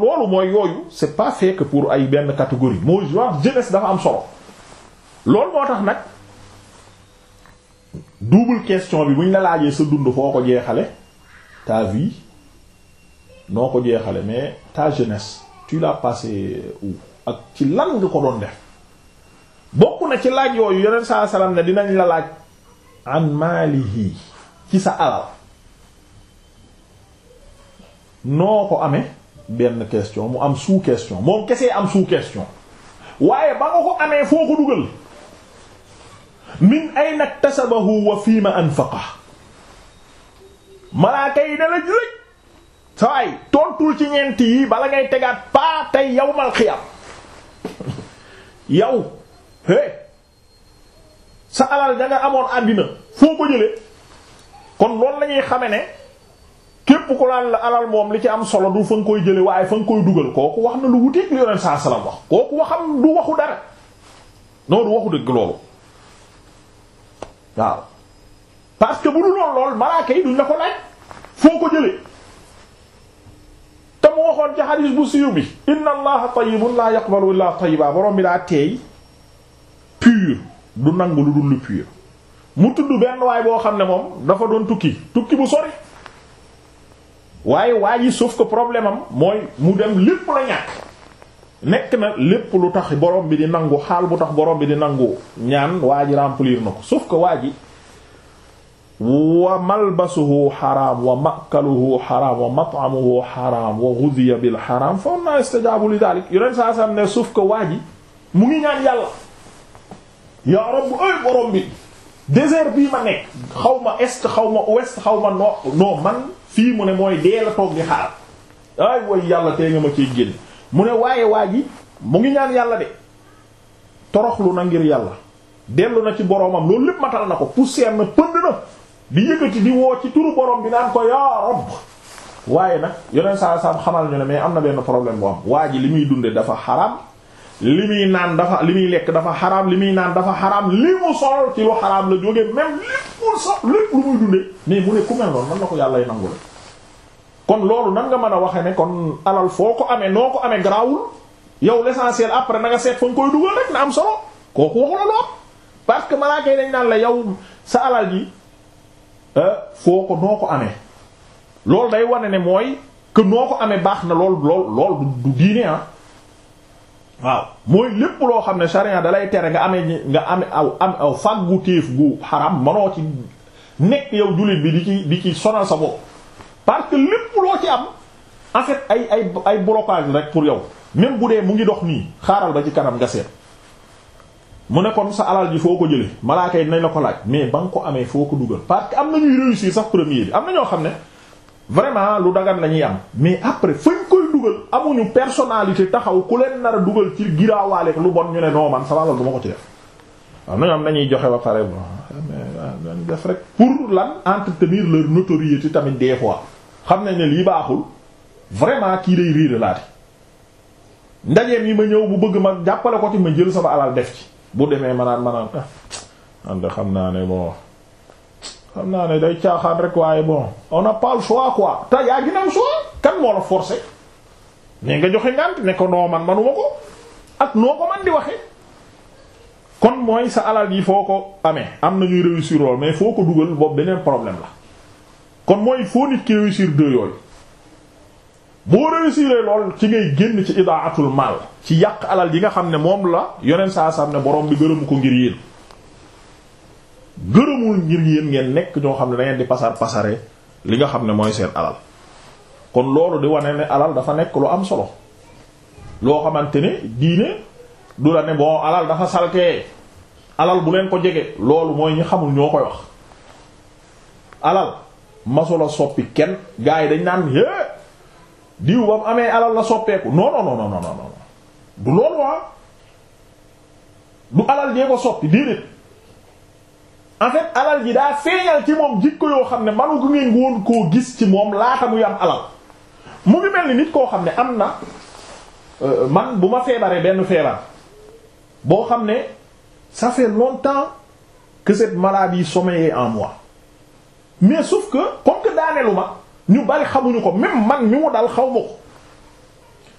loolu mooy yooyu c'est pas fait pour ay benn catégorie moo genre jeunesse dafa am solo loolu moo tax nag double question bi bu ñu la laajee sa dund foo ko jeexale ta vie noo ko jeexale mais ta jeunesse tu l'as passé où ak ci lan nga ko doon def bokk na ci laaj yooyu yeneen saa salaam ne dinañ la laaj an maalihi ci sa alal noo ko amee benn question mu am sous question moom kesee am sous question waaye ba nga ko amee foo ko dugal min ayna iktasabahu wa fiima anfaqa malaaka yi ne la jëlëj sawaay tontul ci ñeenti yi bala ngay tegaat paa tey yawmal xiyaam yow hé sa alal da amoon àndina foo ko jëlee kon loolu lañuy xame ne képp ku laal la alal moom li ci am solo du fa nga koy jële waaye fa nga koy dugal kooku wax na lu wuteeg li saa salaam wax kooku waxam du waxu dara non waxu dëgg loolu waaw parce que bu dul lool lool yi duñ la ko laaj foo ko jëlee te mu waxoon ci xadiis bu siiw bi inna allaha tayyibun la yaqbalu illa tayyiba borom bi daa teey pur du nangu lu dul lu pur mu tudd benn waay boo xam ne moom dafa doon tukki tukki bu sori waaye waa ji sauf que problème mooy mu dem lépp la ñàkk nekk na lépp lu tax boroom bi di nangu xaal bu tax borom bi di nangu ñaan waa ji remplir na ko sauf que waa ji wa malbasuhu xaraam wa makaluhu xaraam wa mat'amuhu xaraam wa ghudiya bil xaraam fa anna yastajaabu li daalik yoneen saa sam ne sauf que waa mu ngi ñaan yàlla ya rabb ay borom bi désert bii ma nekk xaw ma est xaw ma ouest xaw ma noo noo man fii mu ne mooy dee la toog di xaar ay way yàlla tee nga ma ciy génn mu ne waaye waa ji mu ngi ñaan yàlla de toroxlu na ngir yàlla dellu na ci boromam loolu lépp matal na ko poussière na pënd na di yëkkati di woo ci turu borom bi naan ko yaa rabb waaye nag yeneen saa saam xamal ñu ne mais am na benn problème bu am waa ji li muy dunde dafa xaraam li muy naan dafa li muy lekk dafa xaraam li muy naan dafa xaraam li mu sol ci lu xaraam la jógee même lépp mu sol lépp muy dundee mais mu ne ku mel noonu nan la ko yàlla nangu la kon loolu nan nga mën a waxe ne kon alal foo ko amee noo ko amee garaawul yow l'essentiel après na nga seet fa nga koy rek am solo kooku parce que malaaka yi dañ yow sa alal ji euh, foo ko noo ko amee loolu day wane ne mooy que noo ko amee baax na lool lool du diine ah waaw mooy lépp loo xam ne sharia da lay tere nga amee nga ame aw am aw fàggu téef gu xaram manoo ci nekk yow jullit bi di ci di ci sonal sa bopp parce que lépp loo ci am en fait ay ay ay blocage rek pour yow même bu dee mu ngi dox nii xaaral ba ci kanam nga seet mu ne kon sa alal ji foo ko jële malaaka yi nañ la ko laaj mais ba nga ko amee foo ko dugal parce que am na ñuy réussir sax premier am na ñoo xam ne vraiment lu dagan la am mais après fañ koy dugal amuñu personnalité taxaw ku leen nar a dugal ci giraawaaleeg lu bon ñu ne non man sama la du ma ko ci def. waaw ñooñu am nañuy joxe ba pare bon dañu def rek pour lan entretenir leur notoriété tamit dee fois xam nañ ni lii baaxul vraiment kii day riiralaati ndajeem yi ma ñëw bu bëgg ma jàppale ko ti ma jël sama alal def ci bu demee ma naan ma naan ah, xam naa ne bon. xam naa ne day caaxaan rek waaye bon on n'a pas le quoi. te yaa gën mais nga joxe ngànt ne ko noo man manuma ko ak noo ko man di waxe kon mooy sa alal yi foo ko amee am na ñuy réussir lool mais foo ko dugal boobu beneen problème la kon mooy foo nit ki réussir deux yooyu boo réussir lool ci ngay génn ci idaatul mal ci yàq alal yi nga xam ne moom la yoneen saa sam ne borom bi gërëmu ko ngir yéen gërëmul ngir yéen ngeen nekk ñoo xam ne da di pasar pasare li nga xam ne mooy seen alal kon loolu di wane ne alal dafa nekk lu am solo loo xamante ne diine du la ne bon alal dafa saltee alal bu leen ko jege loolu mooy ñi xamul ñoo koy wax alal masula soppi kenn gaa yi dañ naan é diw ba mu amee alal la soppeeku non non non non non non du loolu waa ah. du alal jee ko soppi déedéet en fait alal ji daa feeñal ci moom jikko yoo xam ne manu ko ngeen woon koo gis ci moom laata muy am alal mu ngi mel ni nit koo xam ne am na euh, man bu ma feebaree benn feebar boo xam ne ça fait longtemps que cette maladie sommeillait en moi mais sauf que comme que daaneelu ma ñu bari xamuñu ko même man mi mu dal xaw ma ko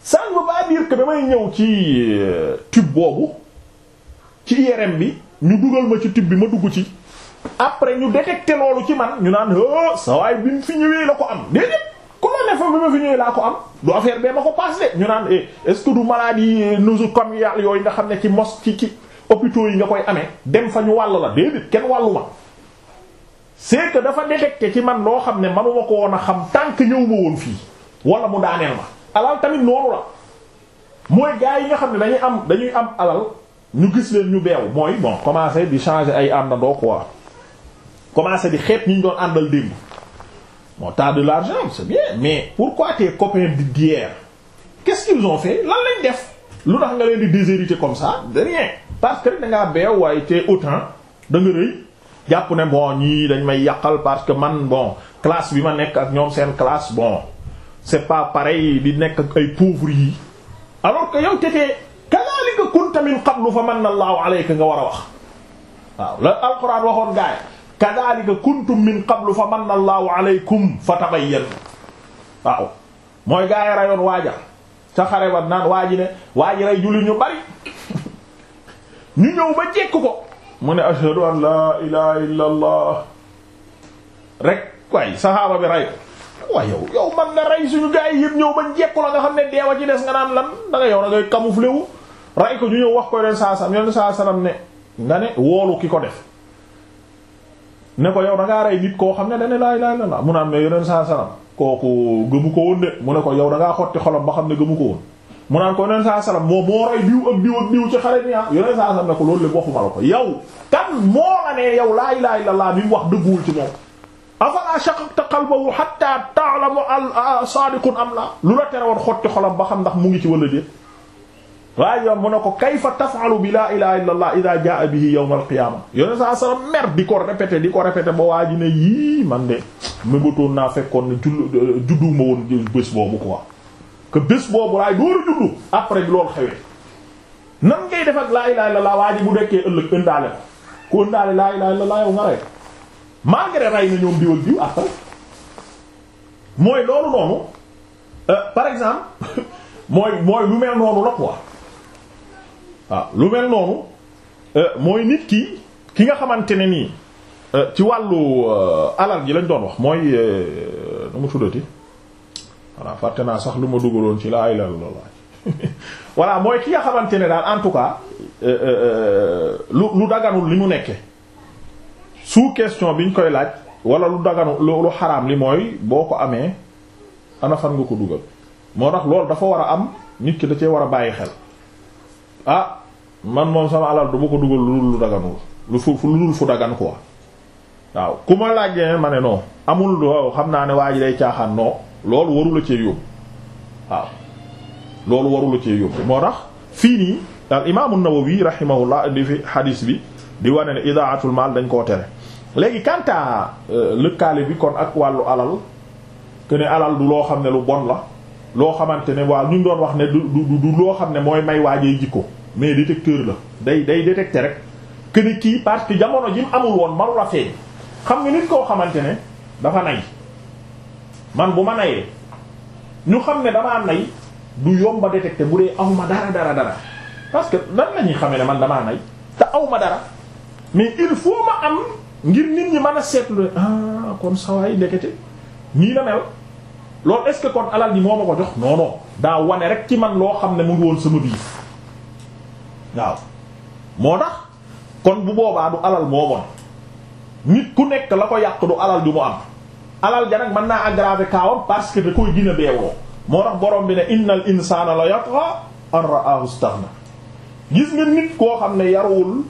ça ne veut pas dire que damay ñëw ci euh, tube boobu ci IRM bi ñu dugal ma ci tube bi ma dugg ci après ñu détecter loolu ci man ñu naan oh saa waay bi mu fi ñëwee la ko am déedéet. ku ma ne fa bi ma fi ñëwee laa ko am du affaire bee ma ko paas de ñu naan eh, est-ce que du maladie eh, nosocomiale yooyu nga xam ne ci mos ci ci hôpitaux yi nga koy ame dem fa ñu wàll la déedéet kenn wàllu ma c'est que dafa détecté ci man loo xam ne manuma ko woon a xam tant que ñëw ma woon fii wala mu daaneel ma alal tamit noonu la mooy gars yi nga xam ne dañuy am dañuy am alal ñu gis leen ñu beew mooy bon commencé di changer ay ànd quoi commencé di xeet ñi ñu doon àndal démb bon t'as de l'argent c'est bien mais pourquoi tes copains d'hier qu'est-ce qu'ils ont fait lan lañ def lu tax nga leen di déshériter comme ça de rien parce que rek da beew waaye te autant da nga rëy jàpp ne bon ñii dañ may yàqal parce que man bon classe bi ma nekk ak ñoom seen classe bon c'est pas pareil bi nekk ak ay pauvres yi alors que yow tetee kadhalika kunta min qablu fa manna Allahu alayka nga war a wax waaw la alquran waxoon gaay kadhalika kuntum min qablu fa manna allahu alaykum fa tabayyanu waaw mooy gaa rayoon waaja ca xare wat naan waa ne waa ray julli ñu bari ñu ñëw ba jekk man nga rey suñu gars yi la nga xam ne deewa ci des nga naan lan da nga ngay camouflé wu rey ko ñu ñëw wax ko yoneen saa sam yoneen ne nga ne woolu ki ko def ne ko yow da rey nit koo xam ne dane laa ilaaha a mu naan mais yoneen saa salaam kooku gëmu ko woon de mu ne ko yow dangaa ngaa xotti xolam ba xam ne gëmu ko woon mu naan ko yoneen saa salaam moo moo rey diw ak diw ak diw ci xare ni ah yoneen saa salaam ne ko loolu lépp waxuma la ko yow kan moo la ne yow laa ilaaha illallaah mi wax dëgguwul ci moom afala shaqaqta qalbahu hatta ta'lamu al saadiqun am la lu la tere woon xotti xolam ba xam ndax mu ngi ci wala déet waaye yoon mu ne ko kayfa taf'alu bi laa ilaha illa allah idha jaa bihi yawm al qiyama yoneen saa sala mer di ko répété di ko répété ba waa ne yii man de mu bëtoon naa fekkoon ne jull judduma woon bés boobu quoi que bés boobu laay door a juddu après bi loolu xewee nan ngay def ak laa ilaha illa allah bu dekkee ëllëg ëndaale ko ku laa yow nga rey malgré rey na ñoom diwal diw après mooy loolu noonu euh, par exemple mooy mooy lu mel noonu la quoi waaw ah, lu mel noonu euh, mooy nit ki ki nga xamante ne nii euh, ci wàllu euh, alal ji lañ doon wax mooy nu mu tuddati voilà fàtte naa sax lu ma dugaloon ci la ay la la voilà mooy ki nga xamante ne daal en tout cas lu lu daganul li mu nekke sous question biñ koy laaj wala lu daganu lu xaraam li mooy boo ko amee anafan fan nga ko dugal moo tax loolu dafa war a am nit ki da cee war a bàyyi xel ah, man moom sama alal du ma ko dugal lu dul lu daganul lu fu lu dul fu dagan quoi waaw ku ma laajee ma ne non amul loo xam naa ne waa ji day caaxaan non loolu la cee yóbbu waaw loolu waru la fii nii al imaamu Nawawi rahimahullah indi bi di wane ne idaatul dañ koo tere léegi kantaa euh, lëkkaale bi kon ak wàllu alal que alal du loo xam ne lu bon la loo xamante ne waa ñu doon wax ne du du du loo xam ne mooy may waajee jikko mais détecteur la day day détecter rek que ni kii parce que jamono ji mu amul woon manu la feeñ xam nga nit koo xamante ne dafa nay man bu ma nayee ñu xam ne damaa nay du yomba détecter bu dee awma dara dara dara parce que nan la ñuy xamee ne man damaa nay te awma dara mais il faut ma am ngir nit ñi mën a seetlu ah kon sawaay ndekete nii na mel loolu est-ce que kon alal ji moo ma ko jox non daa wane rek ci man loo xam ne mu ngi woon sama biir. waaw moo tax kon bu boobaa du alal moo bon nit ku nekk la ko yàq du alal ju mu am alal ja nag mën naa aggraver kaawam parce que da koy gën a beewoo moo tax borom bi ne innal insana la yatgha an ra'ahu istaghna gis nga nit koo xam ne yaruwul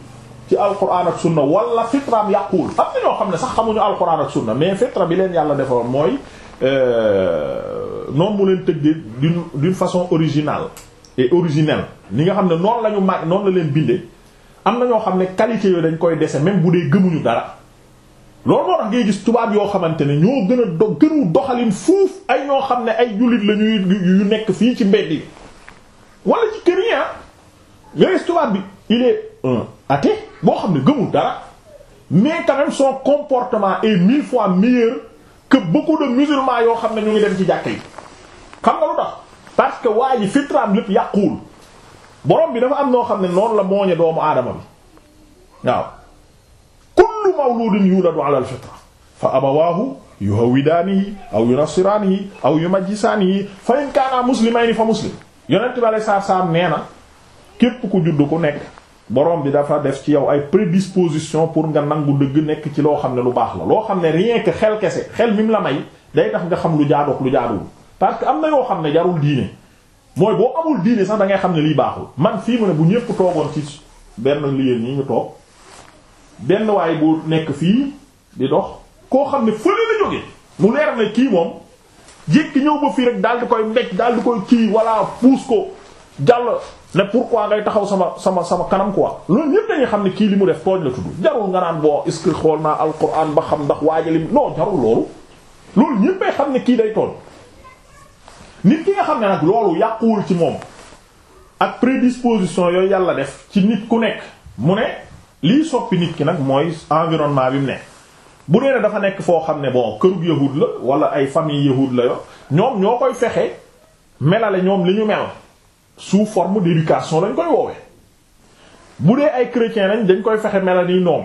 ci alquran ak sunna wala fitraam yàquwul am na ñoo xam ne sax xamuñu alquran ak sunna mais fitra bi leen yàlla defaroon mooy euh, noonu mu leen tëggee d'une d'une façon originale et originel li nga xam ne noonu lañu ñu mag noonu la leen bindee am na ñoo xam ne qualité yooyu dañ koy dese même bu dee gëmuñu dara loolu moo tax ngay gis tubaab yoo xamante ne ñoo gën a do gënu doxalin fuuf ay ñoo xam ne ay jullit la ñuy yu nekk fii ci mbedd yi wala ci kër yi ah bi il est boo xam ne gëmul dara mais quand même son comportement est mille fois meilleur que beaucoup de musulmans yoo xam ne ñu ngi dem ci jàkka yi xam nga lu tax parce que waa ji fitraam lépp yàquwul borom bi dafa am noo xam ne noonu la mooñe doomu aadama bi waaw kullu mawludin yuladu ala al fitra fa abawaahu yuhawwidaanihi aw yunassiraanihi aw yumajjisaanihi fa in kaana muslimayni fa muslim yonent bi alei saatu salaam nee na képp ku judd ku nekk borom bi dafa def ci yow ay prédisposition pour nga nangu dëgg nekk ci loo xam ne lu baax la loo xam ne rien que xel kese xel mi mu la may day tax nga xam lu jaadook lu jaaduwul parce que am na yoo xam ne jarul diine mooy boo amul diine sax da ngay xam ne lii baaxul man fii mu ne bu ñëpp toogoon ci benn liyéen ñi ñu toog benn waay bu nekk fii di dox koo xam ne fële la jógee mu leer ne kii moom jékki ñëw ba fii rek daal di koy mbéj daal di koy kii walla puus ko jàll ne pourquoi ngay taxaw sama sama sama kanam quoi loolu ñëpp dañuy xam ne kii li mu def tooñ la tudd jarul nga naan boo est-ce que xool naa alquran ba xam ndax waajalim non jarul loolu loolu xam ne kii day tooñ nit ki xam ne nag loolu yàquwul ci moom ak prédisposition yooyu yàlla def ci nit ku nekk mu ne liy soppi nit ki nag mooy environnement bi mu ne bu dee ne dafa nekk foo xam ne bon kërug yahud la wala ay famille yahud la yo ñoom ñoo koy fexe melale ñoom li ñu mel sous forme d'éducation lañ koy woowee bu dee ay chrétien lañ dañ koy fexe melal ni noom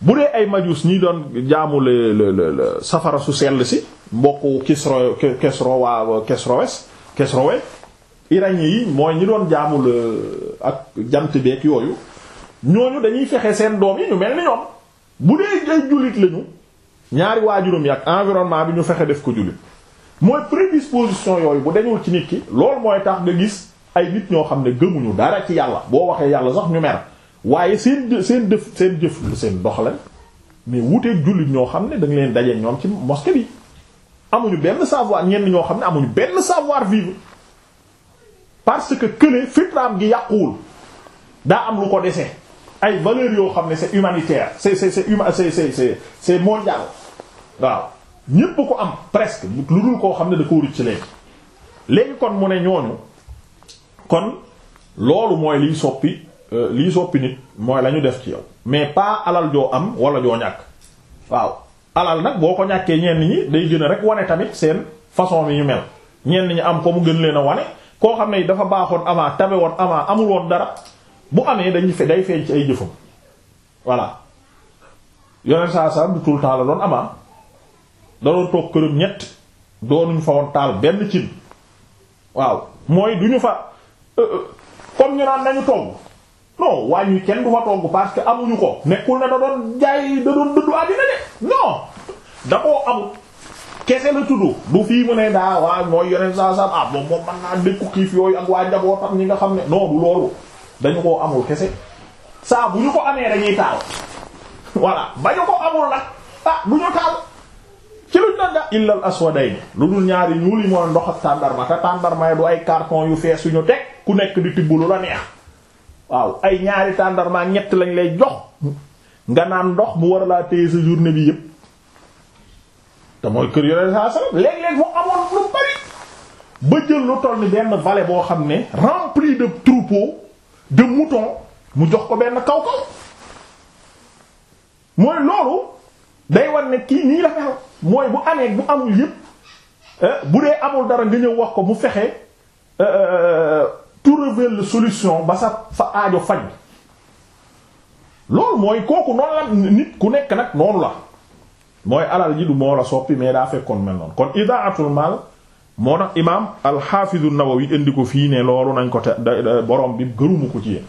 bu dee ay majus ñi doon jaamu le safara su sell si mbokku Kisro Kisro waa Kisrowes Kisrowe Iran yi mooy ñi doon jaamul ak jant beeg yooyu ñooñu dañuy fexe seen doom yi ñu mel ni ñoom bu dee ay jullit lañu ñaari waajuram yi ak environnement bi ñu fexe def ko jullit mooy prédisposition yooyu bu dañul ci nit ki loolu mooy tax nga gis ay nit ñoo xam ne gëmuñu dara ci yàlla boo waxee yàlla sax ñu mer waaye seen seen def seen jëf seen dox lañ mais wuteeg jullit ñoo xam ne da nga leen daje ñoom ci mosquée bi. amuñu benn savoir ñenn ñoo xam ne amuñu benn savoir vivre parce que kële fitraam gi yàquwul daa am lu ko dese ay valeurs yoo xam ne c'est humanitaire c'est c'est c'est humain c'est c'est c'est mondial waaw ñépp ko am presque lu dul koo xam ne da koo rëcc léegi léegi kon mu ne ñooñu kon loolu mooy liy soppi euh, liy soppi nit mooy la ñu def ci yow mais pas alal joo am wala joo ñàkk waaw alal nag boo ko ñàkkee ñenn ñi day gën a rek wane tamit seen façon bi ñu mel ñenn ñi am ko mu gën leen a wane koo xam ne dafa baaxoon avant tabe woon avant amul woon dara bu amee dañuy fe day feeñ ci ay jëfam voilà yoneen saa saa du tout le la doon amaa da doon toog këram ñett doonuñ fa woon taal benn cin waaw mooy duñu fa euh, euh, comme ñu naan nañu togg non wàññi kenn du fa togg parce que amuñu ko nekkul ne da doon jaay da doon dëddu àddina de non da koo am kese la tudd du fii mu ne daa waa mooy yoneen saa saa ah, moom moom mën naa dëkku xiif yooyu ak waa njabootam ñi nga xam ne non du loolu dañu koo amul kese saa bu ñu ko amee dañuy taal voilà ba ñu ko amul nag ah du ñu taal ci luñ la da illal aswadayn lu dul ñaari ñuul yi mooy ndox ak tàndarma te tàndarma du ay carton yu fees yu ñu teg ku nekk di tibb la neex. waaw ay ñaari tàndarma ñett lañ lay jox nga naan ndox mu war laa téye sa journée bi yépp te mooy kër yoneen saa salam léeg-léeg mu amoon lu bari ba jël lu toll ni benn vallée boo xam ne rempli de troupeaux de moutons mu jox ko benn kaw kaw mooy loolu day war ne kii nii la mel mooy bu amee bu amul yépp eh, bu dee amul dara nga ñëw wax ko mu fexe eh, eh, trouver la solution ba sa aajo faj loolu mooy kooku noonu la nit ku nekk nag noonu la mooy alal ji du moo la soppi mais daa fekkoon mel noonu kon idaatul mal moo tax imaam alxaafizu nawawi indi ko fii ne loolu nañ ko te borom bi gëruma ko ci yéen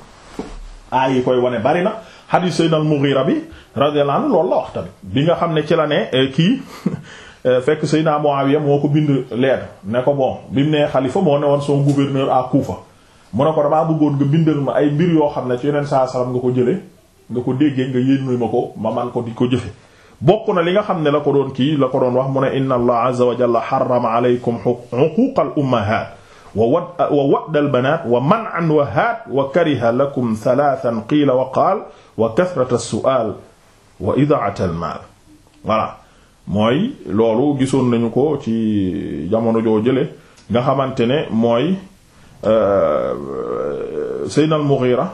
aay yi koy wane bari na xadiis sayyidina mughira bi radiyallahu anhu loolu la wax tamit bi nga xam ne ci la ne eh, kii eh, fekk sayyidina Muawiya moo ko bind lettre ne ko bon bi mu nee xalifa moo ne woon son gouverneur à mu ne ko damaa bëggoon nga bindal ma ay mbir yoo xam ne ci yeneen saa salaam nga ko jële nga ko déggee nga yéennu ma ko ma man ko di ko jëfe bokk na li nga xam ne la ko doon kii la ko doon wax mu ne inna allah azza wa jalla harrama alaykum huquqa al ummahat wa wadd al wa man'an wa haat wa kariha lakum thalathan qiila wa qaal wa kathrata as-su'al wa idaa'at al mooy loolu gisoon nañu ko ci jamono joo jële nga xamante ne mooy Euh, Seydina al-Mughira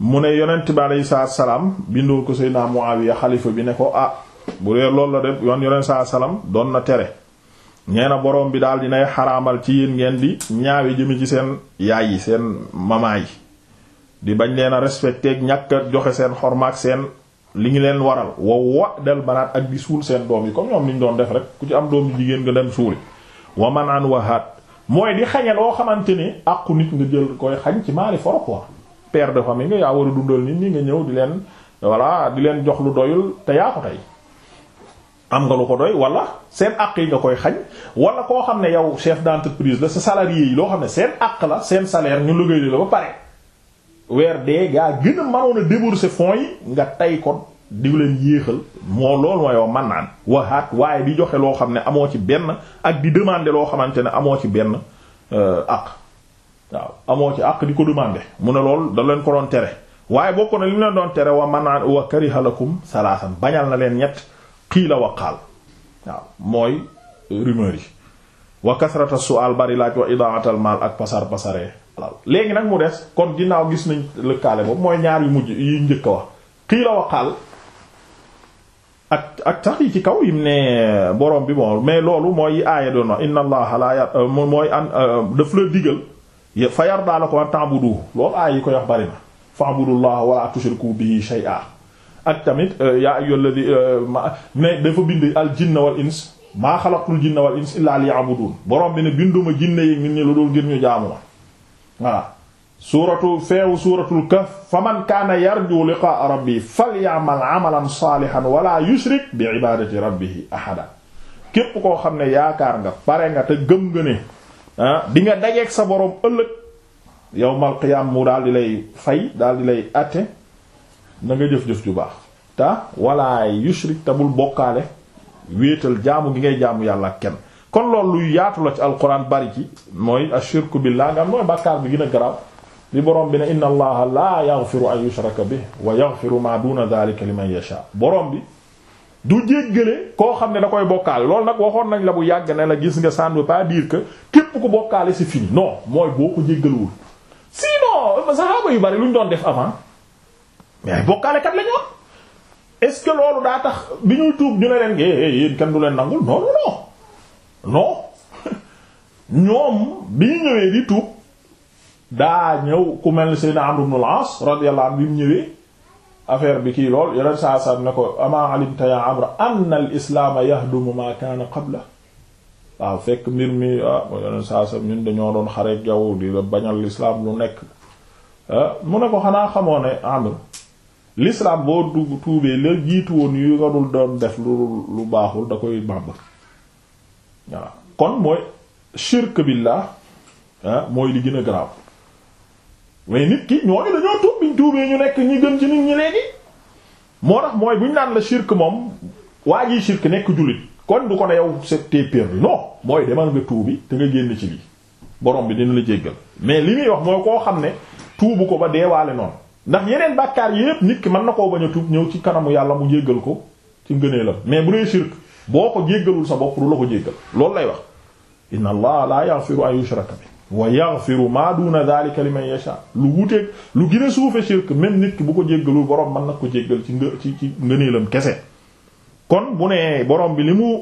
mu ne yonent bi aleyhi salaatu salaam bindoo ko Seydina Muawiya xalifa bi ne ko ah bu dee loolu la def yoon yonent salaatu salaam doon na tere nee na borom bi daal dinay xaraamal ci yéen ngeen di ñaawi jëme ci seen yaay yi seen mamaa yi di bañ leen a respecté ak ñàkk joxe seen xormaak seen li ngi leen waral wa wa del banaat ak di suul seen doom yi comme ñoom niñ doon def rek ku ci am doom jigéen nga dem suuli wa man an wahaat mooy di xañe loo xamante ni àqu nit nga jël koy xañ ci maali foro quoi père de famille nga yaa war a dundal nit ñi nga ñëw di leen voilà di leen jox lu doyul te yaa ko tey am nga lu ko doy wala seen àq yi nga koy xañ wala koo xam ne yow chef d'entreprise la sa salarié yi loo xam ne seen àq la seen salaire ñu liggéey la ba pare weer dee gaa gën a mënoon a débourser fonds yi nga tey ko di yéexal moo lool mooy man naan waxaat waaye di joxe loo xam ne amoo ci benn ak di demander loo xamante ne amoo ci benn euh, àq waaw amoo ci àq di ko demander mu ne lool da leen ko doon tere waaye bokk na li ñu leen doon tere wa man naan wa kariha lakum salaasan bañal na leen ñett qiila wa qaal waaw mooy rumeur yi wa kasrata su'al bari laaj wa idaatal maal ak pasar pasaree alal nag mu des kon ginnaaw gis nañ lëkkaale boobu mooy ñaar yu mujj yu njëkk ak ak sax yi ci kaw yim ne euh, borom bi bon mais loolu mooy aaya doon wax inna allaha la yar euh, mooy an euh, daf la digal fa yar daa la ko an ta'budu loolu aaya yi koy wax bari na fa'budullaha wala tushriku bihi shay'a ak tamit yaa ayyul ladhi mais dafa bind al jinna wal ins maa xalaqtul jinna wal ins illa liya'budun borom bi ne binduma jinne yi nit ñi lu dul ngir ñu jaamu ma voilà suuratu feewu suuratul kahf faman kaana yarju liqaa rabbi falyamal amalan saalihan wala yushrik bi ibaadati rabbihi képp koo xam ne yaakaar nga pare nga te gëm nga ne ah, di nga dajeeg sa boroom ëllëg yawmal qiyaam mu daal di lay fay daal di lay atte na nga jëf-jëf ju baax te wala yushrik te bul bokkaale wéetal jaamu gi ngay jaamu yàlla kenn kon lool luy yaatu la ci alquran bari ci mooy ashirku billah nga mooy bàkkaar bi gën a garaaw bi borom bi na inna allaha la yaghfiru an yushraka bi wa yaghfiru ma duna dhalika liman yasha borom bi du jéggale koo xam ne da koy bokkaale loolu nag waxoon nañ la bu yàgg ne la gis nga ça ne veut pas dire que képp ku bokkaale c'est fini non mooy boo ko jéggaluwul sinon euh, saxaaba yu bari lu ñu doon def avant mais bokkaale kat la ñu ce que loolu daa tax bi ñuy tuub ñu ne leen eh, eh yéen kenn du leen nangul non non non ñoom bi ñu ñëwee di tuub. daa ñëw ku mel ni Seydina Amr ibn al-As radiyallahu bi mu ñëwee affaire bi kii lool yeneen saa saa ne ko ama alimta ya Amr anna al-islaam yahdumu ma mbir mi ah, dañoo doon xareek yow di ah, ko xanaa xamoo ne Amr l'islam boo dugg tuubee la jiitu woon yu nga dul doon def lu lu baaxul da koy bàmb waaw kon mooy shirk billah ah, mooy li gën a grave mais nit ki ñooñu dañoo tuub biñ tuubee ñu nekk ñi gën ci nit ñi léegi moo tax mooy ñu naan la shirk moom waa jii shirk nekk jullit kon du ko ne yow c'était perdu non mooy demal nga tuubi te nga génn ci lii borom bi dina la jéggal mais li muy wax moo koo xam ne tuubu ko ba deewaale noonu ndax yeneen bàkkaar yépp nit ki mën na koo bañ a tuub ñëw ci kanamu yàlla mu jéggal ko ci la mais bu dee shirk boo ko jéggalul sa bopp du la ko jéggal loolu lay wax inna allah la yaghfiru an yushraka bi wa yaghfiru maa duuna dhalika liman yasha lu wuteeg lu gën a suufe shirk même nit ki bu ko jéggalul borom man na ko jéggal ci ci ci ngëneelam kese kon bu nee borom bi li mu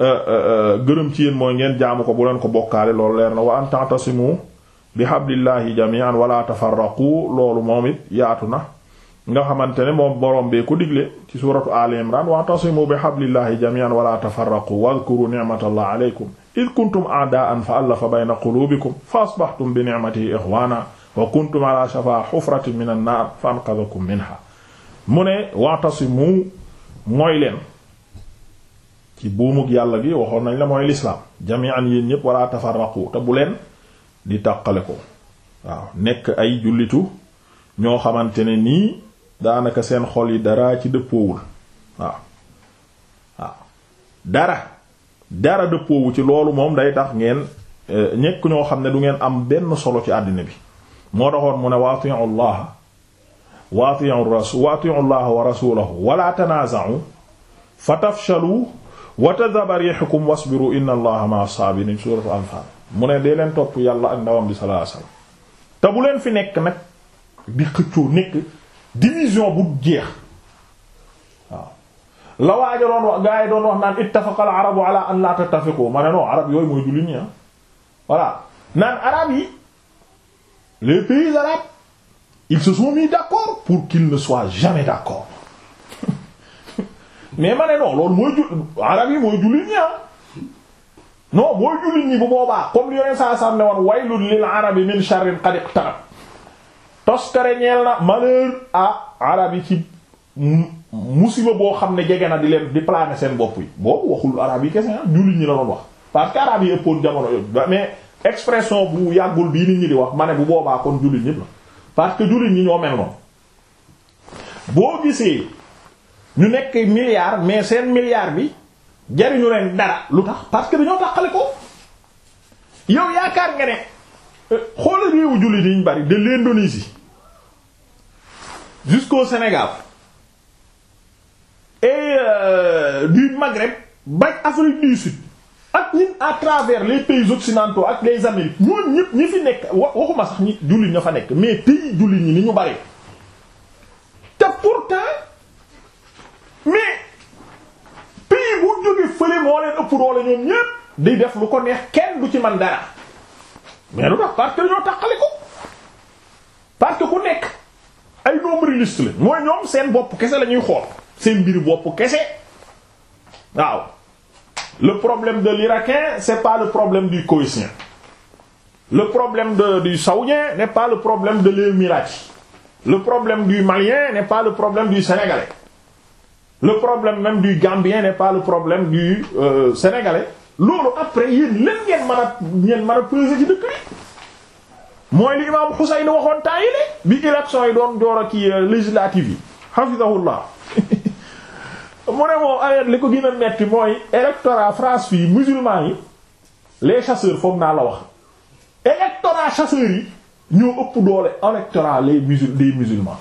euh, euh, euh, gërëm ci yéen mooy ngeen jaamu ko bu leen ko bokkaale loolu leer na wa an ta'tasimu bi hablillahi jami'an wala tafarraqu loolu moom it yaatu na nga xamante ne moom borom bee ko digle ci suratu al imran wa ta'tasimu bi hablillahi jami'an wala tafarraqu wadhkuru ni'matallahi alaykum id kuntum a'da'an fa allafa bayna qulubikum fa asbahtum bi ni'matihi ikhwana wa kuntum ala shafa hufratin min fa anqadhakum minha mu ne wa'tasimu mooy leen ci buumug yàlla gi waxoon nañ la mooy lislaam jami'an yéen ñëpp wala tafarraqu te bu leen di tàqale ko waaw nekk ay jullitu ñoo xamante ne nii daanaka seen xol yi dara ci dëppoowul waaw waaw dara dara dëppoowu ci loolu moom day tax ngeen eh, ñekk ñoo xam ne du ngeen am benn solo ci àddina bi moo taxoon mu ne waatiu llaha waatiu rasul waatiu llaha wa rasulahu wala tanaza'u fatafshalu wasbiru inna allaha ma'a as-sabirin suratu mu ne dee leen topp yàlla ak ndawam bi sallallahu te bu leen fi nekk nag di xëccoo nekk division bu jeex la waaja doon wax gaa yi doon wax naan ittafaqa al arabu ala an tattafiqu ma ne non arab yooyu mooy jullit ñi ah voilà naan arab yi les pays arabes ils se sont mis d'accord pour qu'ils ne soient jamais d'accord mais ma ne non loolu mooy ju arab yi mooy ah. mooy jullit ñi bu boobaa comme li yoneen saa sam ne woon waylun lil arabi min sharrin qad iqtarab toskare ñeel na malheur à arab yi ci musiba boo xam ne jege na di leen di plané seen bopp yi boobu waxul arab yi kese ah jullit ñi la doon wax parce que arab yi ëppoon jamono yooyu mais expression bu yàggul bii nit ñi di wax ma ne bu boobaa kon jullit ñëpp la parce que jullit ñi ñoo mel noonu boo gisee ñu nekk milliard mais seen milliard bi jariñu leen dara lu tax parce que dañoo taxale ko yow yaakaar nga ne euh, xoolal réewu jullit yi ñu bari de l'Indonésie jusqu'au Sénégal et euh, du Maghreb ba Afrique du Sud ak ñun à travers les pays occidentaux ak les Amériques ñooñu ñëpp ñi fi nekk waxuma sax ñi jullit ña fa nekk mais pays jullit ñi ni ñu bari te pourtant mais pays bu jóge fële moo leen ëpp doole ñoom ñëpp di def lu ko neex kenn du ci man dara mais lu tax parce que ñoo taxali ko parce que ku nekk ay nombre liste la mooy ñoom seen bopp kese la ñuy xool. seen mbir bopp kese waaw le problème de l'Irakien c'est pas le problème du Koweïtien le problème de du Saoudien n'est pas le problème de l'Émirati le problème du Malien n'est pas le problème du Sénégalais le problème même du Gambien n'est pas le problème du euh, Sénégalais loolu après yéen leen ngeen mën a ngeen mën a peser ci dëkk bi mooy li imaam Xuseyn waxoon temps yi bi élection yi doon door a kii euh, législative yi hafizahullah mu ne moom ayet li ko gën a metti mooy électorat France fii musulman yi les chasseurs foog naa la wax électorat chasseurs yi ñoo ëpp doole électorat les musul des musulmans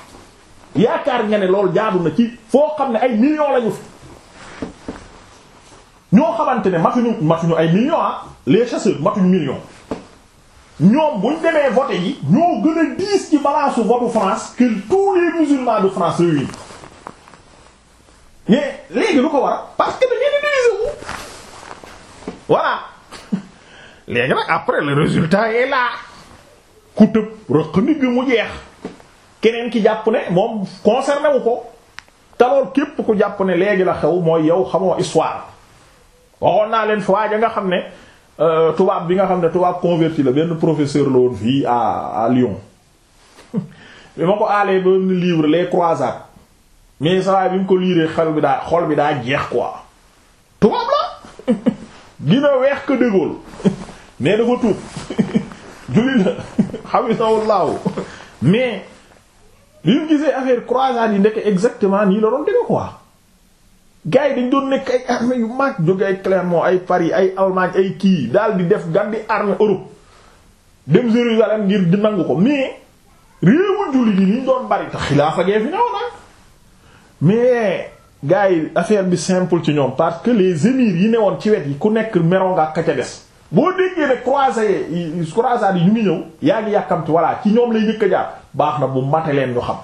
yaakaar nga ne loolu jaadu na ci foo xam ne ay million lañu fi ñoo xamante ne matuñu matuñu ay millions ah les chasseurs matuñu millions ñoom buñ demee voté yi ñoo gën a diis ci balaasu votu France que tous les musulmans de France réunis mais léegi lu ko waral parce que dañuy diviser wu voilà léegi nag après le résultat est là ku tëb rëq nit bi mu jeex keneen ki jàpp ne moom concerné ko te képp ku jàpp ne léegi la xew mooy yow xamoo histoire waxoon naa leen fi ja nga xam ne euh, tubaab bi nga xam ne tubaab converti la benn professeur la woon fii à à Lyon bi ma ko aalee ba livre les croisades mais saa bi mu ko liiree xel bi daa xool bi daa jeex quoi tubaab la gina weex que De mais dafa tuub julli la xafisahullaahu mais li mu gisee affaire croisade yi ndekk exactement nii la doon deme quoi gars yi dañ doon nekk ay armée yu mag jóge ay Clermont ay Paris ay Allemagne ay kii daal di def gan di armée Europe dem Jérusalem ngir di nangu ko mais réewu julli yi ni ñu doon bari te xilaafa gee fi newoon ah. mais gars yi affaire bi simple ci ñoom parce que les émirs yi woon ci wet yi ku nekk meroo nga ak ka ca des boo déggee ne croisé yi ñu ngi ñëw yaa ngi yàkkamti voilà ci ñoom lay njëkk a jaar baax na bu mate leen ñu xam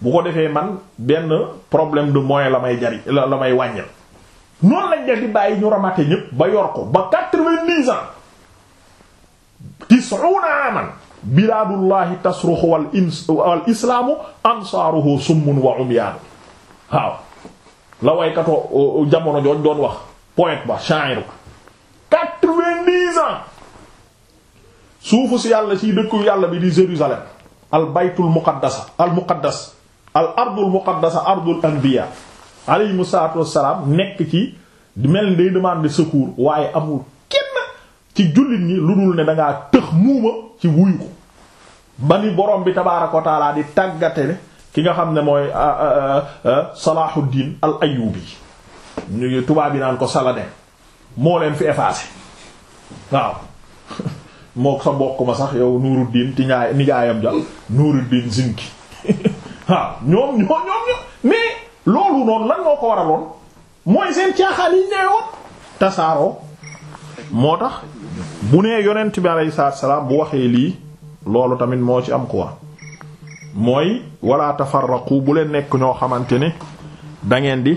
bu ko defee man benn problème de moyens la may jari la may wàññil noonu lañ def di bàyyi ñu ramate ñépp ba yor ko ba quatre-vingt-dix ans tisuuna aman bilaadullahi tasruxu wal islaamu ansaaruhu summun wa umyaanu waaw la waykatoo uh, uh, jamono jooj doon wax point ba sha'ir ba quatre-vingt-dix ans suufu si yàlla si dëkku yàlla bi di Jérusalem al baytul muqaddasa al muqaddas al ardul muqaddasa ardul anbiya alayhimu salaatu wassalaam nekk ci mel ni demande secours waaye amul kenn ci jullit ñi lu dul ne dangaa tëx muuma ci wuyu ko ba ni borom bi tabaaraka wa taala di tàggatele ki nga xam ne mooy ah, ah, ah, Salahuddin al Ayyubi ñu tubaab yi naan ko Saladin moo leen fi effacé waaw moo sa bokk ma sax yow Nuruddin ti ñaay nijaayam ja Nuruddin Zinki waaw ñoom ñoom ñoom mais loolu noonu lan moo ko waraloon mooy seen caaxaan yi ñëwoon tasaaroo moo tax bu nee yonent bi sa salaam bu waxee lii loolu tamit moo ci am quoi. mooy wala tafarraqu bu leen nekk ñoo xamante ne da ngeen di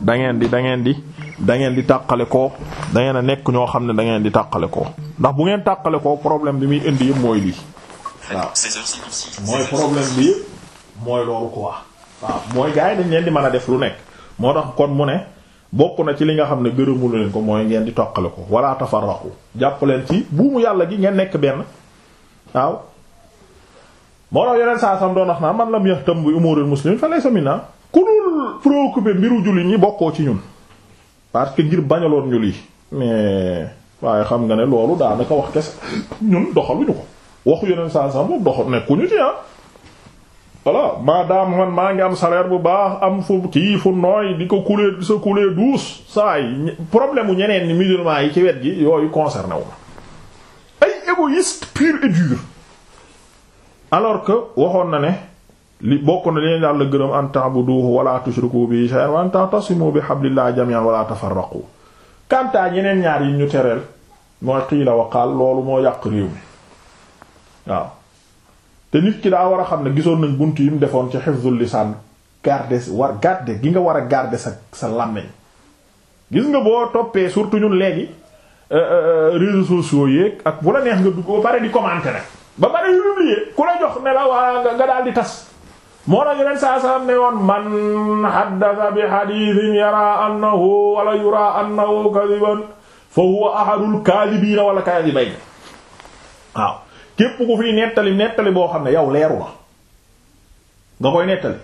dangeen di dangeen di da ngeen di tàqale ko dangeen a nekk ñoo xam ne dangeen di tàqale ko ndax bu ngeen tàqale koo problème bi muy indi yëpp mooy lii waaw mooy problème bi yëpp mooy loolu quoi waaw mooy gars yi dañ leen di mën a def lu nekk moo tax kon mu ne bokk na ci li nga xam ne gërëmul leen ko mooy ngeen di tàqale ko wala tafarraqu jàpp ci buumu yàlla ji ngeen nekk benn moo tax yeneen saa sam doon wax naa man lam yahtam bi umuril muslimin fa laysa minna ku dul préoccupé mbiru jullit ñi bokkoo ci ñun parce que ngir bañaloon ñu lii mais waaye xam nga ne loolu daanaka wax kese ñun doxaluñu ko waxu yeneen saa sam moom doxal nekkuñu ci ah. voilà man maa ngi am salaire bu baax am fu kii fu nooy di ko couler di sa couler douce saa yi problème mu ñeneen ni musulman yi ci wet gi yooyu concerné wu ma ay égoïste pur et alors que waxoon na ne li bokk na leen la gërëm an ta'buduhu wala tushriku bihi shay'an wa an ta'tasimu bi hablillahi jami'an wala tafarraqu kantaa ñeneen ñaar yi ñu tereel mooy xiila wa qaal loolu moo yàq réew mi waaw te nit ki daa war a xam ne gisoon nañ bunt yi mu defoon ci hifzul lisaan garde war garde gi nga war a garde sa sa làmmiñ gis nga boo toppee surtout ñun léegi euh, euh, réseaux sociaux yeeg ak bu la neex nga dugg pare di commenter rek ba bari humilier ku la jox ne waa nga daal di tas moo la yonent saa sallam ne woon man haddatha bi hadithin yara annahu wala yura annahu kadiban fa huwa ahadul kaalibiina wala kaalibayni waaw képp ku fi nettali nettali boo xam ne yow leeru la nga koy nettali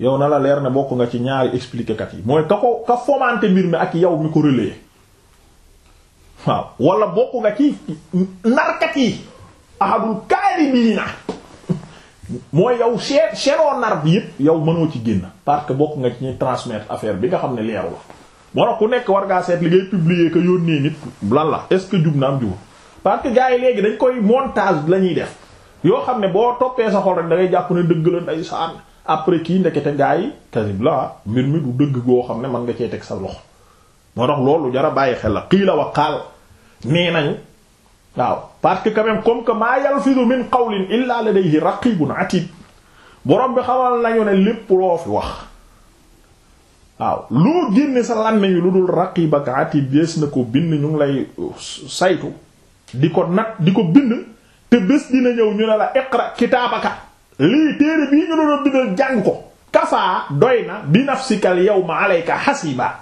yow na la leer ne bokk nga ci ñaari expliquer kat yi mooy ka ko ka fomante mbir mi ak yow mi ko relayer waaw wala bokk nga ci narkat yi ahadul kaaribiina mooy yow seen seenoo nar bi yëpp yow mënoo ci génn parce que bokk nga ci ñuy affaire bi nga xam ne leeru la moo tax ku nekk war ngaa seet li ngay publier que yónnee nit lan la est ce que jub na am jubul parce que gars yi léegi dañ koy montage la ñuy def yoo xam ne boo toppee sa xol rek da jàpp ne dëgg la nday saan après kii ndekete gars yi kasib la mbir mi du dëgg goo xam ne mën nga cee teg sa loxo moo tax loolu a bàyyi xel la kii la wa xaal waaw parce que quand comme que maa yalfidu min qawlin illa ladayhi raqibun atid borom bi xamal nañu ne lépp loo fi wax waaw loo génne sa làmmiñ lu dul raqib ak atid bés na ko bind ñu ngi lay uh, saytu di ko nag di ko bind te bés dina ñëw ñu ne la iqra kitaabaka lii téere bii ñu doon bindal jàng ko kafaa doy na bi nafsikal yawma alayka hasiba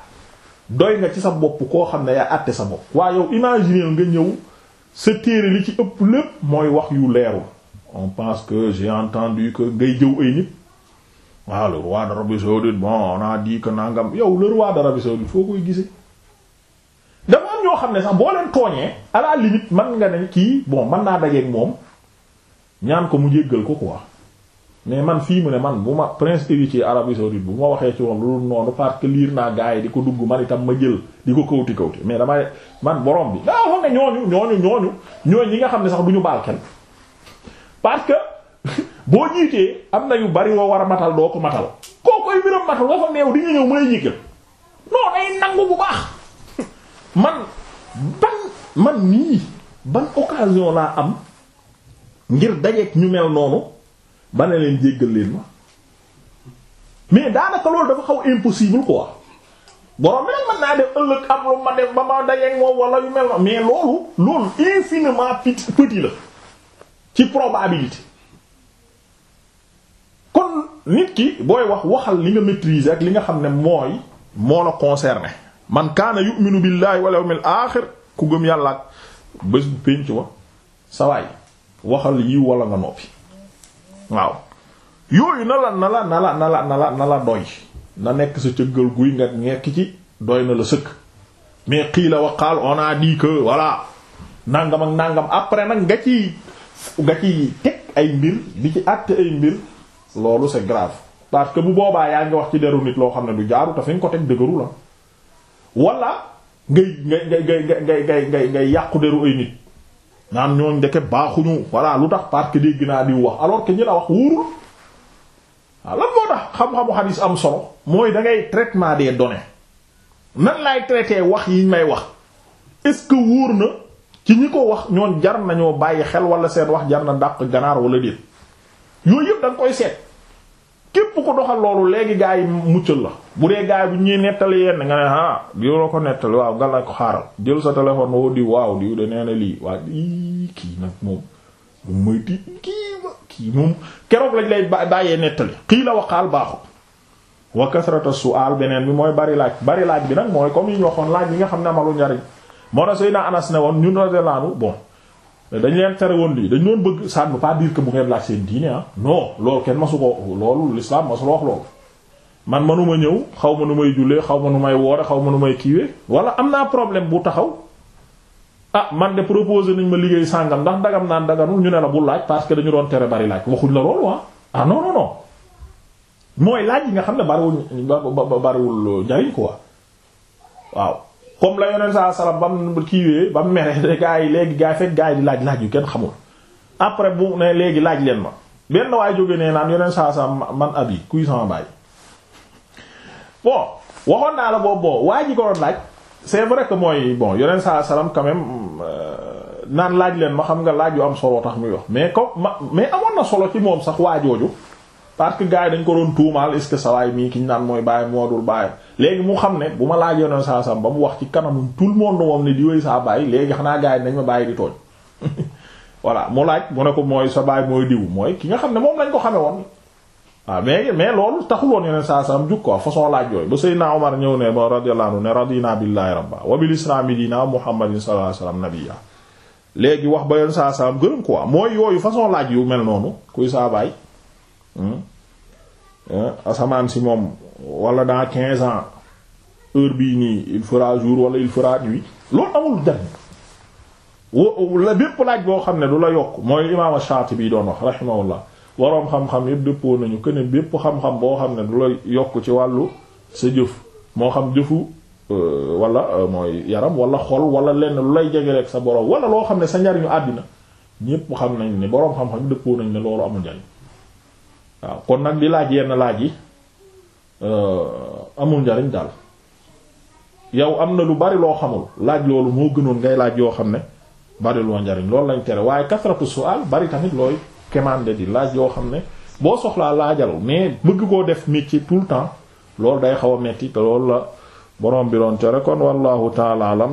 doy nga ci sa bopp koo xam ne yaa àtte sa bopp waaye yow imaginer nga ñëw sa téere li ci ëpp lépp mooy wax yu leerul on pense que j'ai entendu que ngay jëw ay nit waaw ah, le roi d'Arabie saoudite bon on a dit que nangam yow le roi d'Arabie saoudite foo koy gisee dafa am ñoo xam ne sax boo leen tooñee à la limite man nga ne kii bon man naa dajeeg moom ñaan ko mu jéggal ko quoi mais man fii mu ne man bu ma prince héritier Arabie saoudite bu ma waxee ci moom loolu noonu parce que liir naa gars yi di ko dugg man itam ma jël di ko kawti kawti mais damay man borom bi daa xam ne ñooñu ñooñu ñooñu ñooñu ñi nga xam ne sax du ñu baal que boo jiitee am na yu bari woo war a matal doo ko matal koo koy ñëw mu lay ñikkal non nangu bu baax man ban man nii ban occasion laa am ngir dajeek ñu mel noonu ba ne leen jéggal leen ma mais daanaka loolu dafa xaw impossible quoi borom bi nag mën naa def ëllëg am lu ma def ba ma dajeeg moom wala yu mel noonu mais loolu loolu infiniment petit la ci probabilité kon nit ki booy wax waxal li nga maîtriser ak li nga xam ne mooy moo la concerné man kaana yu'minu billahi wal yawmil aaxir ku gëm yàlla ak bés bu pénc wa sawaay waxal yi wala nga noppi waaw yooyu na la na la na la na la na la doy na nekk sa cëggal guy nga nekk ci doy na la sëkk mais xiila waqaal on a dit que voilà nangam ak nangam après nag nga ci nga ci teg ay mbir di ci àtte ay mbir loolu c'est grave parce que bu boobaa yaa ngi wax ci deru nit loo xam ne du jaaru te fi nga ko teg dëgëru la wala ngay ngay ngay ngay ngay ngay ngay yàqu deru ay nit naan ñoo ndeke baaxuñu voilà lu tax parce que dégg naa wax alors que ñi la wax wóorul waaw lan moo tax xam-xamu xadis am solo mooy da ngay traitement des données nan laay traité wax yi may wax est-ce que wóor na ci ñi ko wax ñoon jar nañoo bàyyi xel wala seen wax jar na dàq ganaar wala déet yooyu yëpp da koy seet. képp ko doxal loolu léegi gaa yi muccal la bu dee gaa yi bu ñuy nettali yenn nga ne ah diwla ko nettali waaw nga ko xaaral jël sa téléphone woo diw waaw diw de nee lii waa kii nag moom mu moyti kii ma kii moom keroog lañ lay bàyyee nettali xii la waxaal baaxut wa kasrata su'al beneen bi mooy bari laaj bari laaj bi nag mooy comme yi ñu waxoon yi nga xam ne amalu njariñ moo na Seydina Anas ne woon ñun radiyallahu bon dañ leen tere woon lii dañ doon bëgg ça ne veut pas dire que bu ngeen laaj seen diine ah non loolu kenn masu ko loolu l'islam masu la loolu man manuma ñëw xaw ma nu may jullee xaw ma nu may woore xaw ma nu may kiiwee wala am naa problème bu taxaw ah man de proposé nañ ma liggéey sàngam ndax dagam naan daganul ñu ne la bu laaj parce que dañu doon tere bari laaj waxuñ la loolu ah ah non mooy laaj yi nga xam ne bariwul bariwul njariñ quoi waaw comme la yoneen saa salaam ba mu kiiwee ba mu meree gaa yi léegi gaa yi fekk gaa yi di laaj laaj yu kenn xamul après bu ne léegi laaj leen ma benn waaye jóge nee naan yoneen saa salaam man ab yi kuy sama baay bon waxoon naa la boobu boo waa ji laaj c'est vrai que mooy bon yoneen saa salaam quand même euh, naan laaj leen ma xam nga laaj yu am solo tax muy wax mais comme mais amoon na solo ci moom sax waajooju parce que gars yi dañ ko doon tuumaal est ce que mii ki ñu naan mooy bàyyam moodul bàyyam léegi mu xam ne bu ma laaj yoneen saa sam ba mu wax ci kanamu tout le monde moom ne di wéy saa bàyyi léegi xanaa gars yi nañ ma bàyyi di tooñ voilà mu laaj mu ne ko mooy sa baay mooy diw mooy ki nga xam ne moom lañ ko xame woon waaw mais mais loolu taxuloon yeneen saa sam juk façon laaj yooyu ba Seydina Omar ñëw ne ba radiyallahu anhu ne radina billahi rabba wa bil islami diina muhammadin sallallahu alayhi léegi wax ba yeneen saa sam gërëm quoi mooy yooyu façon laaj yu mel noonu kuy saa baay Hmm? Eh? asamaan si moom wala dans quinze ans heure bii nii il jour wala il fera nuit loolu amul boo xam ne du la yokk mooy imaam Shaatibi doon wax rahimahullah waroom xam-xam yëpp dëppoo nañu que ne xam-xam boo xam ne du la yokk ci wàllu sa jëf moo xam jëfu euh, wala euh, mooy yaram wala xol wala lenn lu lay jege sa borom wala loo xam ne sa njariñu àddina ñépp xam nañ ne boroom xam-xam dëppoo nañ ne loolu amul njariñ waaw kon nag di laaj yenn laaj yi euh, amul njariñ daal yow am na lu bari loo xamul laaj loolu moo gënoon ngay laaj yoo xam ne bari loo njariñ lool lañ tere waaye kasratu su'al bari tamit looy kemande di laaj yoo xam ne boo soxlaa laajal mais bëgg koo def métier tout le temps lool day xaw a metti te loolu la borom bi doon tere kon wallahu taala